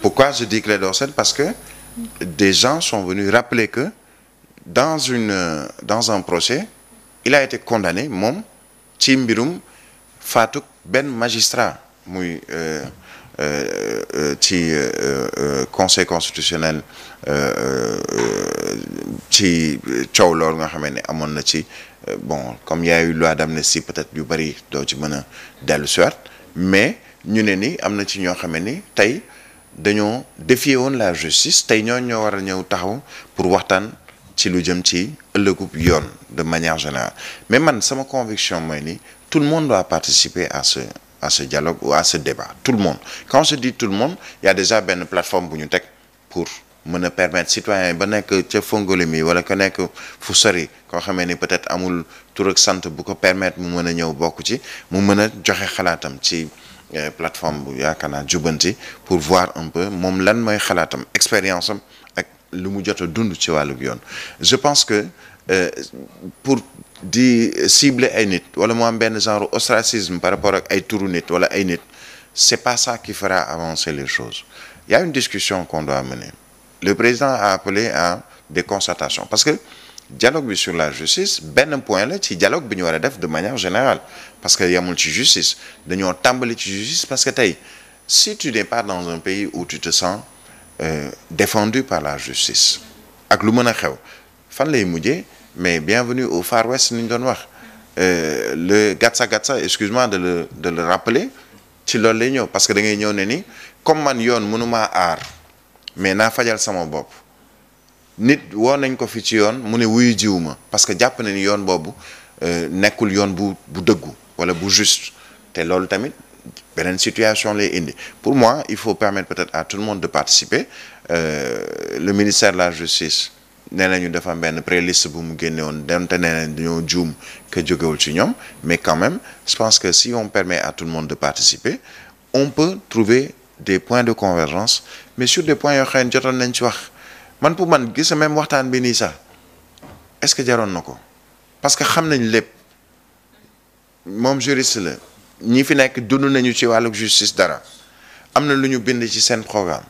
pourquoi je dis que d'Orsène Parce que des gens sont venus rappeler que dans, une, dans un procès, il a été condamné, mon Timbirum Fatouk Ben magistrat mon euh, euh, euh, conseil constitutionnel ci bon comme y a eu loi d'amnistie peut-être que bëri doo mais nous dañoo défier woon la justice tey ñoo ñoo war a ñëw taxaw pour waxtaan ci lu jëm ci ëllëgub yoon de manière générale mais man sama conviction mooy ni tout le monde doit participer à ce à ce dialogue ou à ce débat tout le monde quand je dis tout le monde il y a déjà benn plateforme bu ñu teg pour mën a permettre citoyen yi ba nekk ca Fongolemi wala ko nekk fu sori koo xamee ni peut-être amul tur ak sant bu ko permettre mu mën a ñëw bokk ci mu mën a joxe xalaatam ci euh, plateforme pour voir un peu mon lan expérience ak lu mu jot dund ci je pense que euh, pour di cibler ay nit wala moins am ben genre ostracisme par rapport ak ay turu nit wala ay nit c'est pas ça qui fera avancer les choses il y a une discussion qu'on doit mener le président a appelé à des concertations parce que dialogue sur la justice un point là, ci dialogue bi ñu wara def de manière générale parce que a ci justice dañu tambali ci justice parce que si tu n'es pas dans un pays où tu te sens euh, défendu par la justice ak lu mëna xew fan lay mujjé mais bienvenue au Far West ni ñu euh, le gatsa gatsa excuse-moi de le de le rappeler ci les lay ñëw parce que da ngay ñëw ne ni comme man yoon mënuma ar, mais n'a fajal sama bop nit woo ko fi ci yoon mu ne wuyu parce que jàpp na ni yoon boobu euh, nekkul yoon bu bu deggu wala bu juste té loolu tamit benen situation lay indi pour moi il faut permettre peut-être à tout le monde de participer euh, le ministère de la justice nee nañu dafa am benn préliste bu mu génné won dem té nañ dañoo juum que jógewul ci ñom mais quand même je pense que si on permet à tout le monde de participer on peut trouver des points de convergence mais sur des points yo xam ne nañ ci wax man pour man gis même waxtan bi ni sax est-ce que jaroon na ko parce que xamnañ lepp mom juriste la ñi fi nek dund nañu ci walu justice dara am luñu bind ci sen programme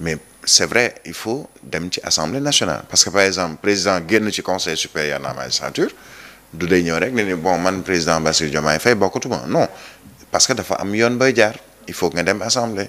mais c'est vrai il faut dem ci assemblée nationale parce que par exemple président guen ci conseil supérieur de la magistrature du day ñëw rek ne ni bon man président bassir Diomaye fay bokkatuma non parce que dafa am yoon bay jaar il faut nga dem assemblée